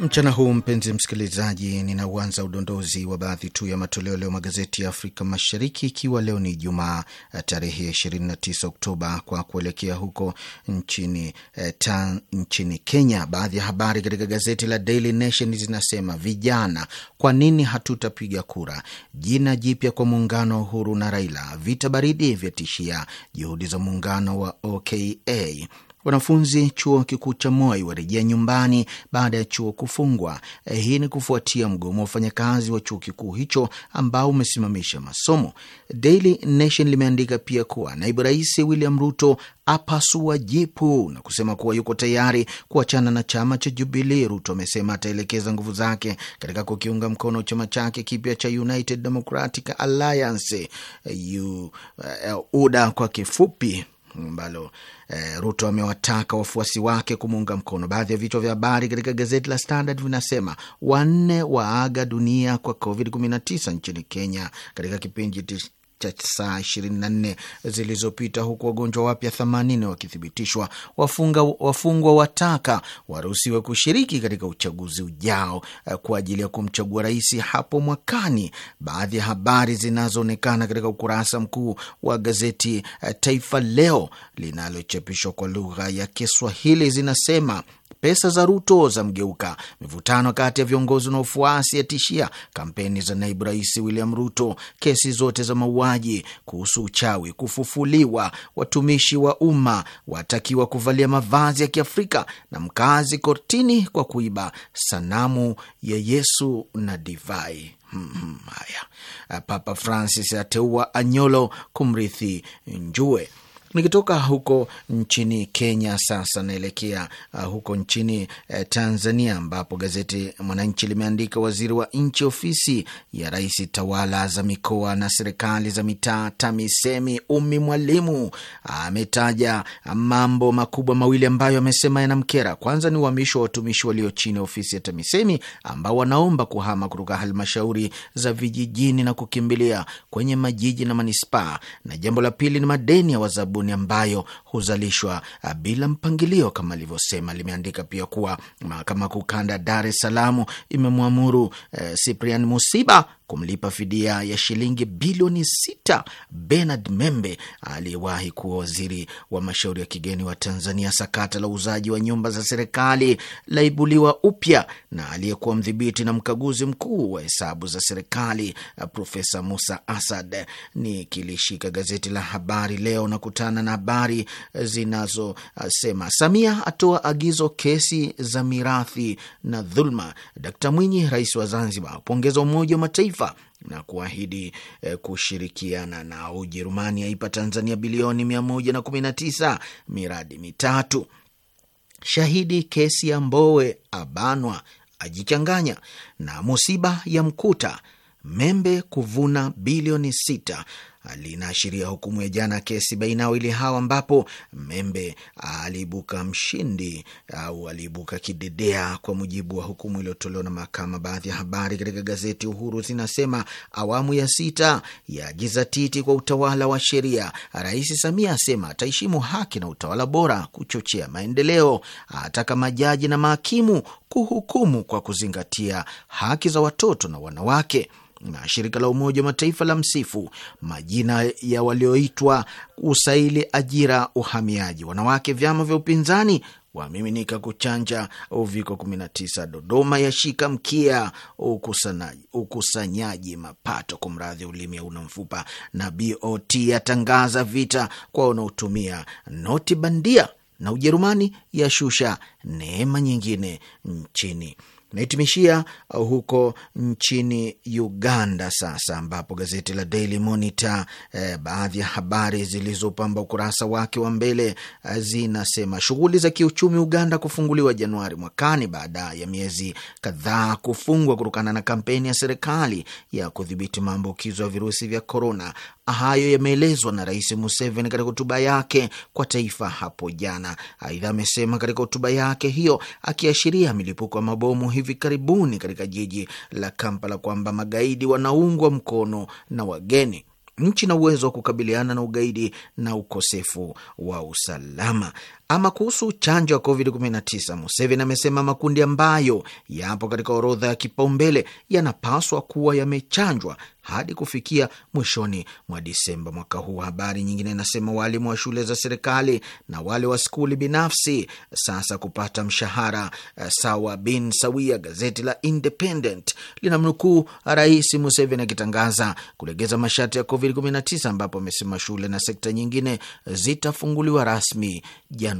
Mchana huu mpenzi msikilizaji, ninauanza udondozi wa baadhi tu ya matoleo leo magazeti ya Afrika Mashariki, ikiwa leo ni Jumaa tarehe 29 Oktoba, kwa kuelekea huko nchini, eh, ta, nchini Kenya. Baadhi ya habari katika gazeti la Daily Nation zinasema vijana, kwa nini hatutapiga kura? Jina jipya kwa muungano wa Uhuru na Raila. Vita baridi vyatishia juhudi za muungano wa OKA. Wanafunzi chuo kikuu cha Moi warejea nyumbani baada ya chuo kufungwa. Eh, hii ni kufuatia mgomo wa wafanyakazi wa chuo kikuu hicho ambao umesimamisha masomo. Daily Nation limeandika pia kuwa naibu rais William Ruto apasua jipu na kusema kuwa yuko tayari kuachana na chama cha Jubilee. Ruto amesema ataelekeza nguvu zake katika kukiunga mkono chama chake kipya cha United Democratic Alliance, eh, eh, UDA kwa kifupi ambalo eh, Ruto amewataka wafuasi wake kumuunga mkono. Baadhi ya vichwa vya habari katika gazeti la Standard vinasema wanne waaga dunia kwa COVID 19 nchini Kenya katika kipindi cha saa 24 zilizopita, huku wagonjwa wapya 80 wakithibitishwa. Wafunga, wafungwa wataka waruhusiwe kushiriki katika uchaguzi ujao eh, kwa ajili ya kumchagua rais hapo mwakani. Baadhi ya habari zinazoonekana katika ukurasa mkuu wa gazeti eh, Taifa Leo linalochapishwa kwa lugha ya Kiswahili zinasema pesa za Ruto za mgeuka. Mivutano kati ya viongozi na ufuasi yatishia kampeni za naibu rais William Ruto. Kesi zote za mauaji kuhusu uchawi kufufuliwa. Watumishi wa umma watakiwa kuvalia mavazi ya Kiafrika, na mkazi kortini kwa kuiba sanamu ya Yesu na divai. Hmm, hmm, haya, Papa Francis ateua Anyolo kumrithi Njue. Nikitoka huko nchini Kenya sasa naelekea uh, huko nchini eh, Tanzania ambapo gazeti Mwananchi limeandika waziri wa nchi ofisi ya rais tawala za mikoa na serikali za mitaa TAMISEMI Umi Mwalimu ametaja mambo makubwa mawili ambayo amesema yanamkera. Kwanza ni uhamisho wa watumishi walio chini ya ofisi ya TAMISEMI ambao wanaomba kuhama kutoka halmashauri za vijijini na kukimbilia kwenye majiji na manispaa, na jambo la pili ni madeni ya wazabuni karibuni ambayo huzalishwa uh, bila mpangilio kama alivyosema. Limeandika pia kuwa mahakama kuu kanda Dar es Salaam imemwamuru eh, Cyprian Musiba kumlipa fidia ya shilingi bilioni sita Bernard Membe aliyewahi kuwa waziri wa mashauri ya kigeni wa Tanzania. Sakata la uuzaji wa nyumba za serikali laibuliwa upya na aliyekuwa mdhibiti na mkaguzi mkuu wa hesabu za serikali Profesa Musa Asad. Nikilishika gazeti la Habari Leo na kutana na habari zinazosema Samia atoa agizo kesi za mirathi na dhulma. Dkt Mwinyi, rais wa Zanzibar, apongeza Umoja wa Mataifa kimataifa na kuahidi eh, kushirikiana na Ujerumani aipa Tanzania bilioni 119 miradi mitatu. Shahidi kesi ya Mbowe abanwa ajichanganya na musiba ya Mkuta Membe kuvuna bilioni sita linaashiria hukumu ya jana kesi baina ya wawili hawa, ambapo Membe aliibuka mshindi au aliibuka kidedea. Kwa mujibu wa hukumu iliyotolewa na mahakama, baadhi ya habari katika gazeti Uhuru zinasema awamu ya sita ya jizatiti kwa utawala wa sheria. Rais Samia asema ataheshimu haki na utawala bora kuchochea maendeleo, ataka majaji na mahakimu kuhukumu kwa kuzingatia haki za watoto na wanawake na shirika la Umoja wa Mataifa la msifu majina ya walioitwa usaili ajira, uhamiaji, wanawake, vyama vya upinzani wamiminika kuchanja uviko 19. Dodoma yashika mkia ukusanyaji, mapato kwa mradhi ulimi una mfupa, na BOT yatangaza vita kwa wanaotumia noti bandia, na Ujerumani yashusha neema nyingine nchini nahitimishia uh, huko nchini Uganda sasa, ambapo gazeti la Daily Monitor eh, baadhi ya habari zilizopamba ukurasa wake wa mbele eh, zinasema shughuli za kiuchumi Uganda kufunguliwa Januari mwakani baada ya miezi kadhaa kufungwa kutokana na kampeni ya serikali ya kudhibiti maambukizo ya virusi vya korona. Hayo yameelezwa na Rais Museveni katika hotuba yake kwa taifa hapo jana. Aidha amesema katika hotuba yake hiyo, akiashiria milipuko ya mabomu hivi karibuni katika jiji la Kampala kwamba magaidi wanaungwa mkono na wageni. Nchi na uwezo wa kukabiliana na ugaidi na ukosefu wa usalama. Ama kuhusu chanjo ya COVID-19, Museveni amesema makundi ambayo yapo katika orodha ya kipaumbele yanapaswa kuwa yamechanjwa hadi kufikia mwishoni mwa Disemba mwaka huu. Habari nyingine inasema waalimu wa shule za serikali na wale wa skuli binafsi sasa kupata mshahara eh, sawa bin sawia. Gazeti la Independent linamnukuu Rais Museveni akitangaza kulegeza masharti ya COVID-19, ambapo amesema shule na sekta nyingine zitafunguliwa rasmi jana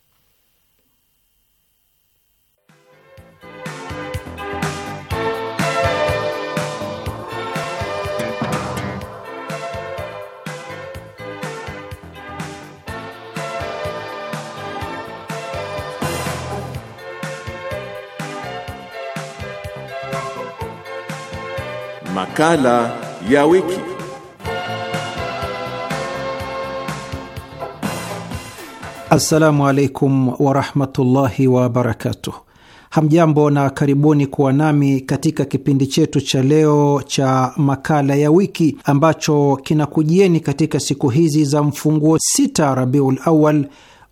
Makala ya wiki. Assalamu alaikum warahmatullahi wabarakatuh. Hamjambo na karibuni kuwa nami katika kipindi chetu cha leo cha makala ya wiki ambacho kinakujieni katika siku hizi za mfunguo sita Rabiul Awal,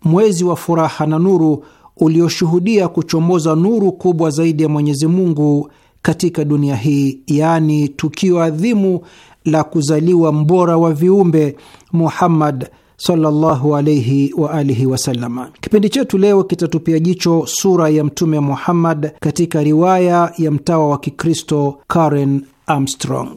mwezi wa furaha na nuru ulioshuhudia kuchomoza nuru kubwa zaidi ya Mwenyezi Mungu katika dunia hii, yaani tukio adhimu la kuzaliwa mbora wa viumbe Muhammad sallallahu wa alihi wasallam. Kipindi chetu leo kitatupia jicho sura ya Mtume Muhammad katika riwaya ya mtawa wa Kikristo Karen Armstrong.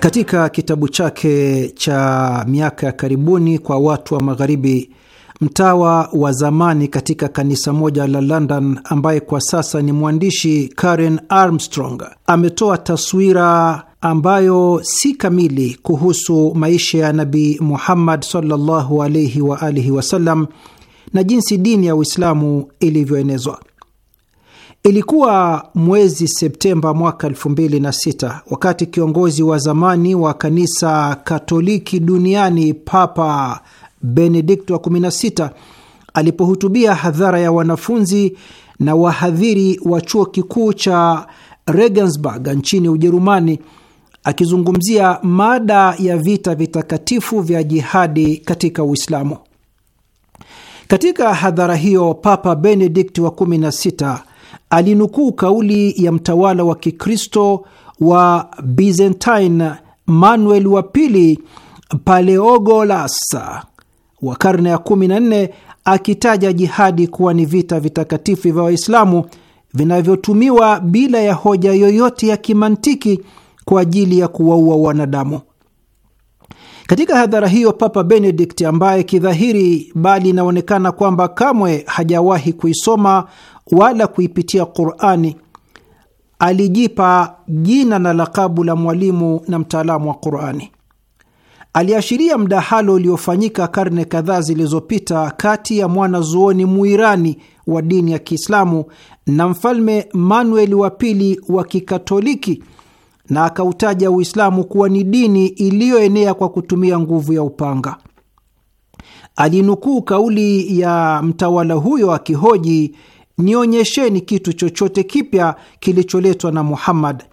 Katika kitabu chake cha miaka ya karibuni kwa watu wa Magharibi, mtawa wa zamani katika kanisa moja la London ambaye kwa sasa ni mwandishi Karen Armstrong ametoa taswira ambayo si kamili kuhusu maisha ya Nabii Muhammad sallallahu alaihi wa alihi wasallam na jinsi dini ya Uislamu ilivyoenezwa. Ilikuwa mwezi Septemba mwaka 2006 wakati kiongozi wa zamani wa kanisa Katoliki duniani Papa Benedikto wa 16 alipohutubia hadhara ya wanafunzi na wahadhiri wa chuo kikuu cha Regensburg nchini Ujerumani akizungumzia mada ya vita vitakatifu vya jihadi katika Uislamu. Katika hadhara hiyo, Papa Benedikt wa 16 alinukuu kauli ya mtawala wa Kikristo wa Byzantine Manuel wa pili Paleogolas wa karne ya 14 akitaja jihadi kuwa ni vita vitakatifu vya Waislamu vinavyotumiwa bila ya hoja yoyote ya kimantiki kwa ajili ya kuwaua wanadamu. Katika hadhara hiyo, Papa Benedikt ambaye kidhahiri bali inaonekana kwamba kamwe hajawahi kuisoma wala kuipitia Qurani alijipa jina na lakabu la mwalimu na mtaalamu wa Qurani. Aliashiria mdahalo uliofanyika karne kadhaa zilizopita kati ya mwanazuoni Muirani wa dini ya Kiislamu na mfalme Manuel wa pili wa Kikatoliki na akautaja Uislamu kuwa ni dini iliyoenea kwa kutumia nguvu ya upanga. Alinukuu kauli ya mtawala huyo akihoji, nionyesheni kitu chochote kipya kilicholetwa na Muhammad,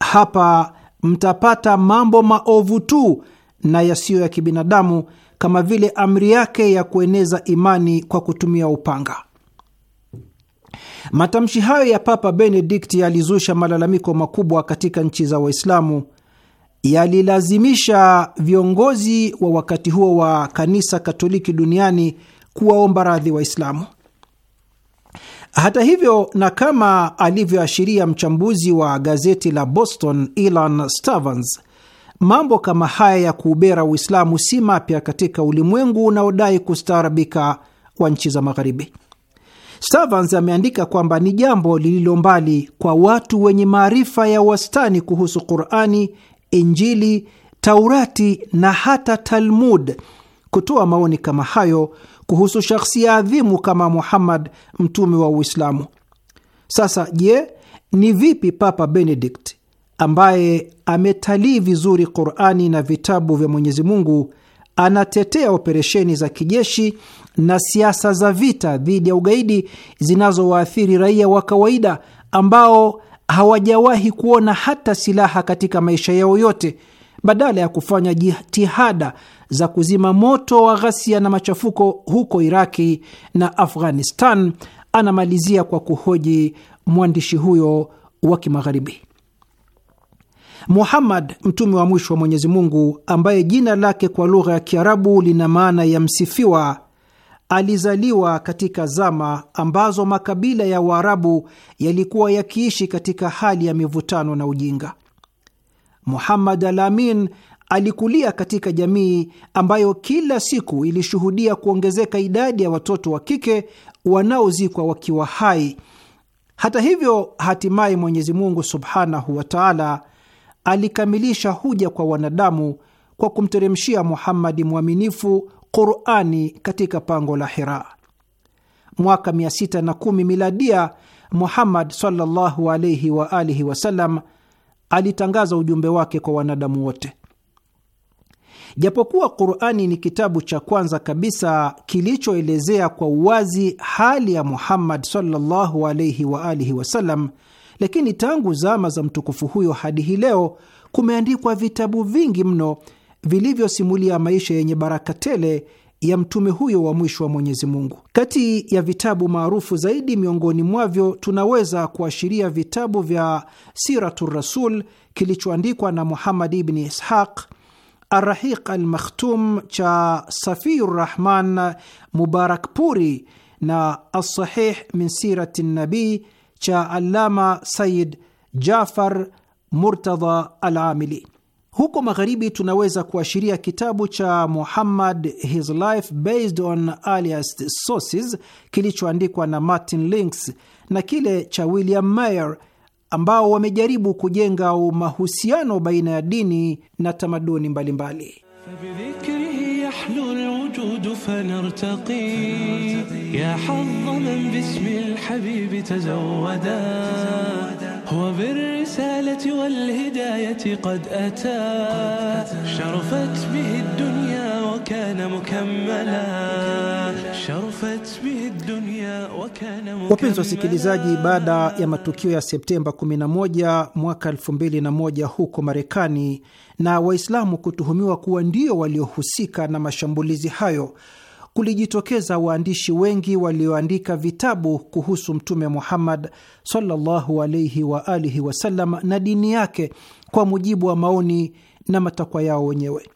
hapa mtapata mambo maovu tu na yasiyo ya kibinadamu, kama vile amri yake ya kueneza imani kwa kutumia upanga. Matamshi hayo ya Papa benedict yalizusha malalamiko makubwa katika nchi za Waislamu, yalilazimisha viongozi wa wakati huo wa kanisa Katoliki duniani kuwaomba radhi Waislamu. Hata hivyo, na kama alivyoashiria mchambuzi wa gazeti la Boston Ilan Stavans, mambo kama haya ya kuubera Uislamu si mapya katika ulimwengu unaodai kustaarabika wa nchi za Magharibi. Stavans ameandika kwamba ni jambo lililo mbali kwa watu wenye maarifa ya wastani kuhusu Qurani, Injili, Taurati na hata Talmud kutoa maoni kama hayo kuhusu shakhsia adhimu kama Muhammad, mtume wa Uislamu. Sasa je, ni vipi Papa Benedict ambaye ametalii vizuri Qurani na vitabu vya Mwenyezi Mungu anatetea operesheni za kijeshi na siasa za vita dhidi ya ugaidi zinazowaathiri raia wa kawaida ambao hawajawahi kuona hata silaha katika maisha yao yote, badala ya kufanya jitihada za kuzima moto wa ghasia na machafuko huko Iraki na Afghanistan. Anamalizia kwa kuhoji mwandishi huyo wa Kimagharibi. Muhammad, mtume wa mwisho wa Mwenyezi Mungu, ambaye jina lake kwa lugha ya Kiarabu lina maana ya msifiwa, alizaliwa katika zama ambazo makabila ya Waarabu yalikuwa yakiishi katika hali ya mivutano na ujinga. Muhammad Alamin alikulia katika jamii ambayo kila siku ilishuhudia kuongezeka idadi ya watoto wa kike wanaozikwa wakiwa hai. Hata hivyo, hatimaye Mwenyezi Mungu subhanahu wa taala alikamilisha huja kwa wanadamu kwa kumteremshia Muhammadi mwaminifu Qurani katika pango la Hira. Mwaka 610 miladia, Muhammad sallallahu alayhi wa alihi wasallam alitangaza ujumbe wake kwa wanadamu wote. Japokuwa Qurani ni kitabu cha kwanza kabisa kilichoelezea kwa uwazi hali ya Muhammad sallallahu alayhi wa alihi wasallam, lakini tangu zama za mtukufu huyo hadi hii leo kumeandikwa vitabu vingi mno vilivyosimulia maisha yenye baraka tele ya mtume huyo wa mwisho wa Mwenyezi Mungu. Kati ya vitabu maarufu zaidi miongoni mwavyo tunaweza kuashiria vitabu vya Siratu Rasul kilichoandikwa na Muhammad ibni Ishaq, Arrahiq Almakhtum cha Safiur Rahman Mubarakpuri na Alsahih min Sirati Nabii cha Allama Said Jafar Murtadha alamili Huko magharibi tunaweza kuashiria kitabu cha Muhammad His Life Based on Earliest Sources kilichoandikwa na Martin Links na kile cha William Mayer ambao wamejaribu kujenga mahusiano baina ya dini na tamaduni mbalimbali. فبذكره يحلو الوجود فنرتقي يا حظ من باسم الحبيب تزودا هو بالرسالة والهداية قد أتى شرفت به الدنيا وكان مكملا شرفت به الدنيا وكان مكملا. Wapenzi wasikilizaji, baada ya matukio ya Septemba 11 mwaka 2001 huko Marekani na Waislamu kutuhumiwa kuwa ndio waliohusika na mashambulizi hayo kulijitokeza waandishi wengi walioandika vitabu kuhusu Mtume Muhammad sallallahu alaihi wa alihi wasallam na dini yake kwa mujibu wa maoni na matakwa yao wenyewe.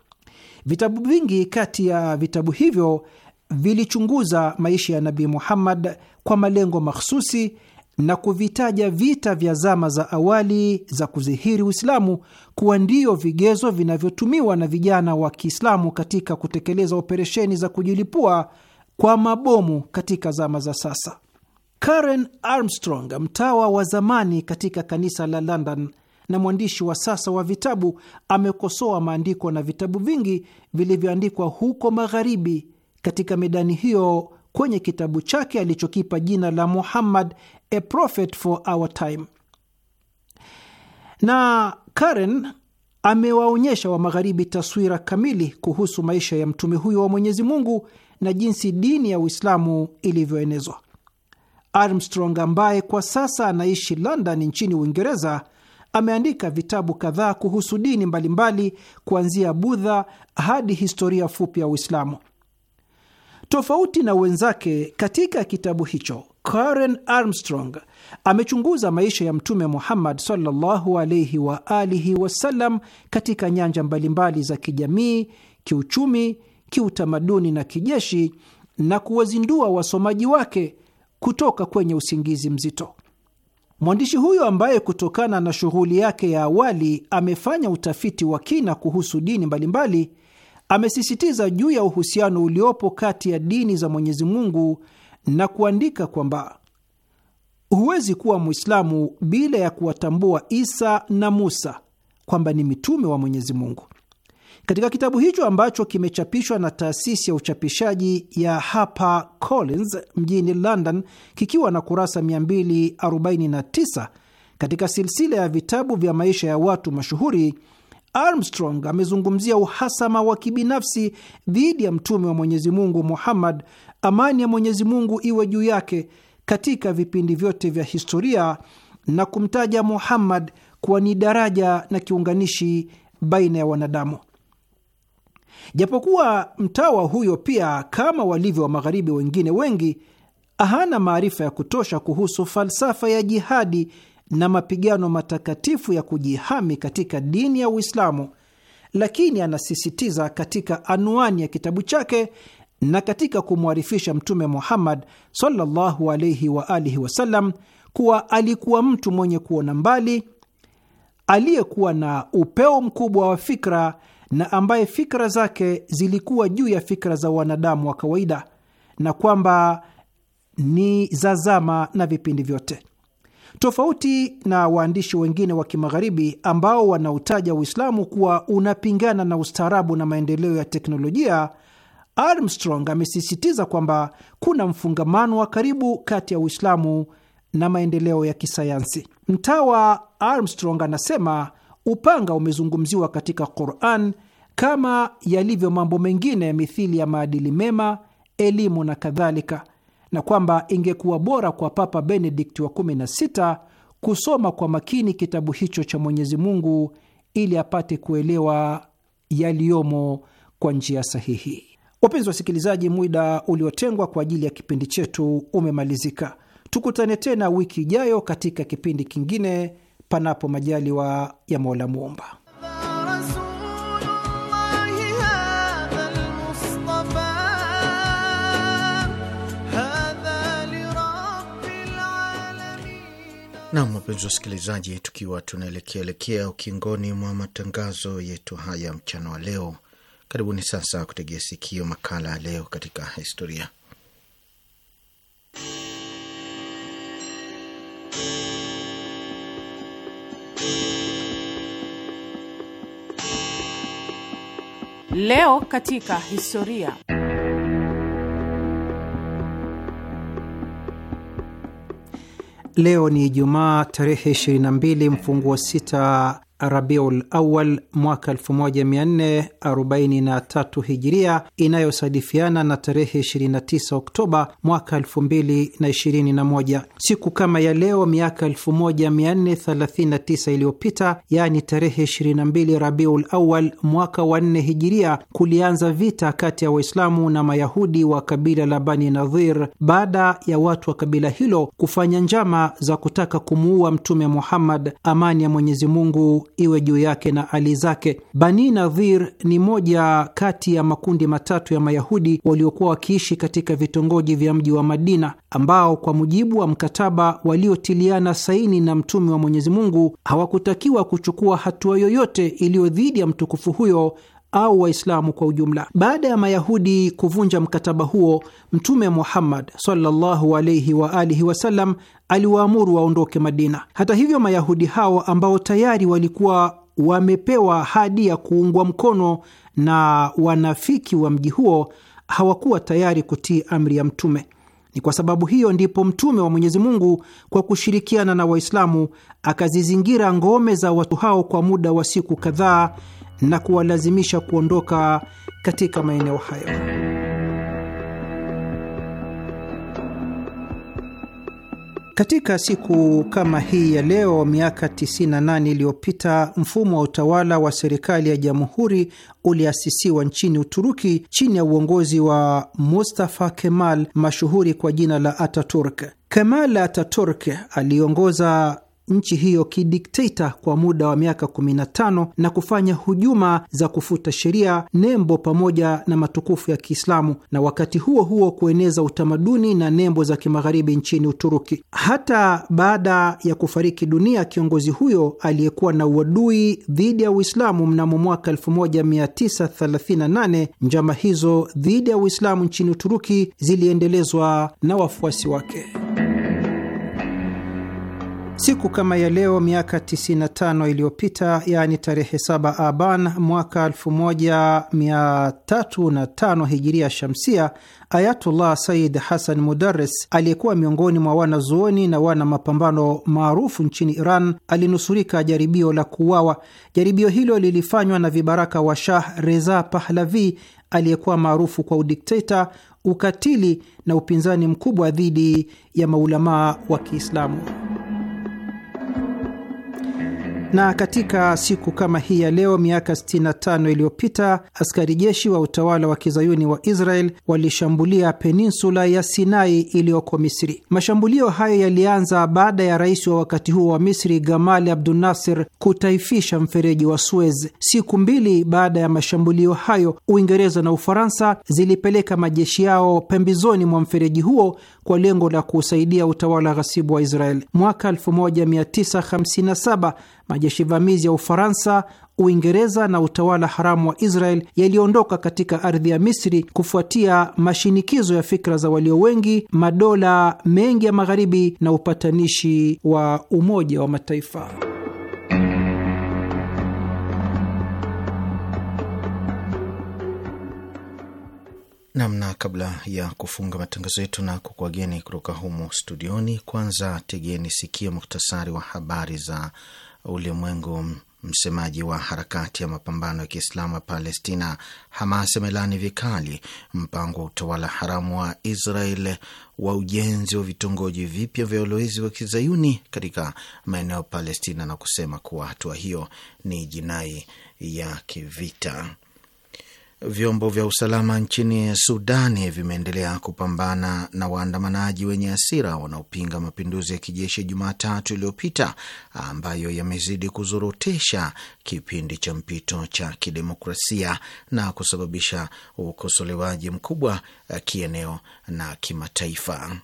Vitabu vingi kati ya vitabu hivyo vilichunguza maisha ya Nabii Muhammad kwa malengo mahsusi na kuvitaja vita vya zama za awali za kudhihiri Uislamu kuwa ndiyo vigezo vinavyotumiwa na vijana wa Kiislamu katika kutekeleza operesheni za kujilipua kwa mabomu katika zama za sasa. Karen Armstrong, mtawa wa zamani katika kanisa la London na mwandishi wa sasa wa vitabu, amekosoa maandiko na vitabu vingi vilivyoandikwa huko Magharibi katika medani hiyo kwenye kitabu chake alichokipa jina la Muhammad a Prophet for Our Time. Na Karen amewaonyesha wa Magharibi taswira kamili kuhusu maisha ya mtume huyo wa Mwenyezi Mungu na jinsi dini ya Uislamu ilivyoenezwa. Armstrong ambaye kwa sasa anaishi London nchini Uingereza ameandika vitabu kadhaa kuhusu dini mbalimbali kuanzia Budha hadi historia fupi ya Uislamu. Tofauti na wenzake katika kitabu hicho, Karen Armstrong amechunguza maisha ya Mtume Muhammad sallallahu alaihi wa alihi wasallam katika nyanja mbalimbali za kijamii, kiuchumi, kiutamaduni na kijeshi na kuwazindua wasomaji wake kutoka kwenye usingizi mzito. Mwandishi huyo ambaye kutokana na shughuli yake ya awali amefanya utafiti wa kina kuhusu dini mbalimbali amesisitiza juu ya uhusiano uliopo kati ya dini za Mwenyezi Mungu na kuandika kwamba huwezi kuwa Mwislamu bila ya kuwatambua Isa na Musa kwamba ni mitume wa Mwenyezi Mungu. Katika kitabu hicho ambacho kimechapishwa na taasisi ya uchapishaji ya Harper Collins mjini London, kikiwa na kurasa 249 katika silsila ya vitabu vya maisha ya watu mashuhuri Armstrong amezungumzia uhasama wa kibinafsi dhidi ya mtume wa Mwenyezi Mungu Muhammad, amani ya Mwenyezi Mungu iwe juu yake, katika vipindi vyote vya historia na kumtaja Muhammad kuwa ni daraja na kiunganishi baina ya wanadamu. Japokuwa mtawa huyo pia, kama walivyo wa magharibi wengine wengi, hana maarifa ya kutosha kuhusu falsafa ya jihadi na mapigano matakatifu ya kujihami katika dini ya Uislamu, lakini anasisitiza katika anwani ya kitabu chake na katika kumwarifisha Mtume Muhammad sallallahu alaihi wa alihi wasallam kuwa alikuwa mtu mwenye kuona mbali aliyekuwa na upeo mkubwa wa fikra na ambaye fikra zake zilikuwa juu ya fikra za wanadamu wa kawaida, na kwamba ni za zama na vipindi vyote. Tofauti na waandishi wengine wa Kimagharibi ambao wanautaja Uislamu kuwa unapingana na ustaarabu na maendeleo ya teknolojia, Armstrong amesisitiza kwamba kuna mfungamano wa karibu kati ya Uislamu na maendeleo ya kisayansi. Mtawa Armstrong anasema upanga umezungumziwa katika Quran kama yalivyo mambo mengine mithili ya maadili mema, elimu na kadhalika, na kwamba ingekuwa bora kwa Papa Benedikt wa 16 kusoma kwa makini kitabu hicho cha Mwenyezi Mungu ili apate kuelewa yaliyomo kwa njia sahihi. Wapenzi wasikilizaji, muda uliotengwa kwa ajili ya kipindi chetu umemalizika. Tukutane tena wiki ijayo katika kipindi kingine, panapo majaliwa ya Mola Muumba. Nam, wapenzi wasikilizaji, tukiwa tunaelekeaelekea ukingoni mwa matangazo yetu haya mchana wa leo, karibuni sasa kutegea sikio makala ya leo katika historia. Leo katika historia Leo ni Ijumaa tarehe 22 mfunguo 6 Rabiul Awal mwaka 1443 Hijiria, inayosadifiana na tarehe 29 Oktoba mwaka 2021. Siku kama ya leo miaka 1439 iliyopita, yaani tarehe 22 Rabiul Awal mwaka wa 4 Hijiria, kulianza vita kati ya Waislamu na Mayahudi wa kabila la Bani Nadhir baada ya watu wa kabila hilo kufanya njama za kutaka kumuua Mtume Muhammad, amani ya Mwenyezi Mungu iwe juu yake na ali zake. Bani Nadhir ni moja kati ya makundi matatu ya Mayahudi waliokuwa wakiishi katika vitongoji vya mji wa Madina, ambao kwa mujibu wa mkataba waliotiliana saini na Mtume wa Mwenyezi Mungu hawakutakiwa kuchukua hatua yoyote iliyo dhidi ya mtukufu huyo au Waislamu kwa ujumla. Baada ya Mayahudi kuvunja mkataba huo, Mtume Muhammad sallallahu alaihi wa alihi wasallam aliwaamuru waondoke Madina. Hata hivyo, Mayahudi hao ambao tayari walikuwa wamepewa ahadi ya kuungwa mkono na wanafiki wa mji huo hawakuwa tayari kutii amri ya Mtume. Ni kwa sababu hiyo ndipo Mtume wa Mwenyezi Mungu kwa kushirikiana na Waislamu akazizingira ngome za watu hao kwa muda wa siku kadhaa na kuwalazimisha kuondoka katika maeneo hayo. Katika siku kama hii ya leo miaka 98 iliyopita mfumo wa utawala wa serikali ya jamhuri uliasisiwa nchini Uturuki chini ya uongozi wa Mustafa Kemal mashuhuri kwa jina la Ataturk. Kemal Ataturk aliongoza nchi hiyo kidikteta kwa muda wa miaka 15 na kufanya hujuma za kufuta sheria, nembo pamoja na matukufu ya Kiislamu, na wakati huo huo kueneza utamaduni na nembo za kimagharibi nchini Uturuki. Hata baada ya kufariki dunia kiongozi huyo aliyekuwa na uadui dhidi ya Uislamu mnamo mwaka 1938, njama hizo dhidi ya Uislamu nchini Uturuki ziliendelezwa na wafuasi wake. Siku kama ya leo miaka 95 iliyopita, yaani tarehe 7 Aban mwaka 1305 hijiria shamsia, Ayatullah Said Hassan Mudares aliyekuwa miongoni mwa wanazuoni na wana mapambano maarufu nchini Iran alinusurika jaribio la kuuawa. Jaribio hilo lilifanywa na vibaraka wa Shah Reza Pahlavi aliyekuwa maarufu kwa udikteta, ukatili na upinzani mkubwa dhidi ya maulamaa wa Kiislamu. Na katika siku kama hii ya leo miaka 65 iliyopita askari jeshi wa utawala wa kizayuni wa Israel walishambulia peninsula ya Sinai iliyoko Misri. Mashambulio hayo yalianza baada ya rais wa wakati huo wa Misri Gamal Abdunasir kutaifisha mfereji wa Suez. Siku mbili baada ya mashambulio hayo, Uingereza na Ufaransa zilipeleka majeshi yao pembezoni mwa mfereji huo kwa lengo la kuusaidia utawala ghasibu wa Israel. Mwaka 1957 majeshi vamizi ya Ufaransa, Uingereza na utawala haramu wa Israel yaliondoka katika ardhi ya Misri kufuatia mashinikizo ya fikra za walio wengi, madola mengi ya Magharibi na upatanishi wa Umoja wa Mataifa. Namna kabla ya kufunga matangazo yetu na kukuageni kutoka humo studioni, kwanza tegeni sikio muktasari wa habari za Ulimwengu. Msemaji wa harakati ya mapambano ya Kiislamu ya Palestina Hamas amelani vikali mpango wa utawala haramu wa Israel wa ujenzi wa vitongoji vipya vya walowezi wa kizayuni katika maeneo Palestina na kusema kuwa hatua hiyo ni jinai ya kivita. Vyombo vya usalama nchini Sudani vimeendelea kupambana na waandamanaji wenye hasira wanaopinga mapinduzi ya kijeshi Jumatatu iliyopita ambayo yamezidi kuzorotesha kipindi cha mpito cha kidemokrasia na kusababisha ukosolewaji mkubwa kieneo na kimataifa.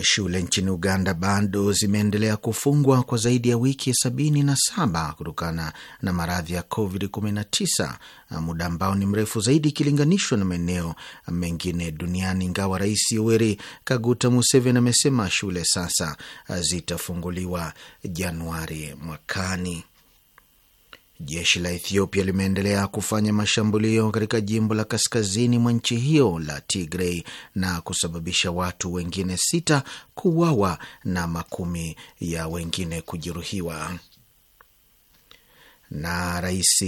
Shule nchini Uganda bado zimeendelea kufungwa kwa zaidi ya wiki sabini na saba kutokana na maradhi ya COVID-19, muda ambao ni mrefu zaidi ikilinganishwa na maeneo mengine duniani, ingawa Rais Yoweri Kaguta Museveni amesema shule sasa zitafunguliwa Januari mwakani. Jeshi la Ethiopia limeendelea kufanya mashambulio katika jimbo la kaskazini mwa nchi hiyo la Tigray na kusababisha watu wengine sita kuuawa na makumi ya wengine kujeruhiwa. Na Rais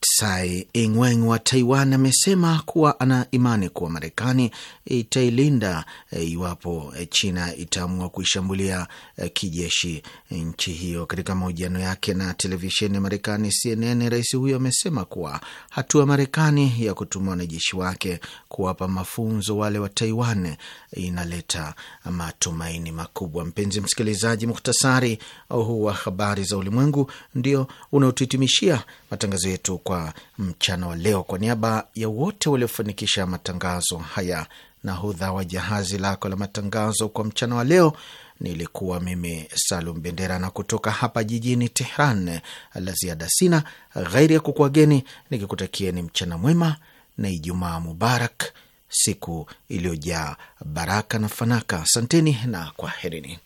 Tsai Ingwen wa Taiwan amesema kuwa ana imani kuwa Marekani itailinda e, iwapo e, China itaamua kuishambulia e, kijeshi nchi hiyo. Katika mahojiano yake na televisheni ya Marekani CNN, rais huyo amesema kuwa hatua ya Marekani ya kutumia wanajeshi wake kuwapa mafunzo wale wa Taiwan inaleta matumaini makubwa. Mpenzi msikilizaji, muhtasari huu wa habari za ulimwengu ndio unaotuhitimia tunahitimishia matangazo yetu kwa mchana wa leo. Kwa niaba ya wote waliofanikisha matangazo haya, nahodha wa jahazi lako la matangazo kwa mchana wa leo nilikuwa mimi Salum Bendera, na kutoka hapa jijini Tehran, la ziada sina ghairi ya kukuageni nikikutakieni mchana mwema na Ijumaa mubarak, siku iliyojaa baraka na fanaka. Asanteni na kwaherini.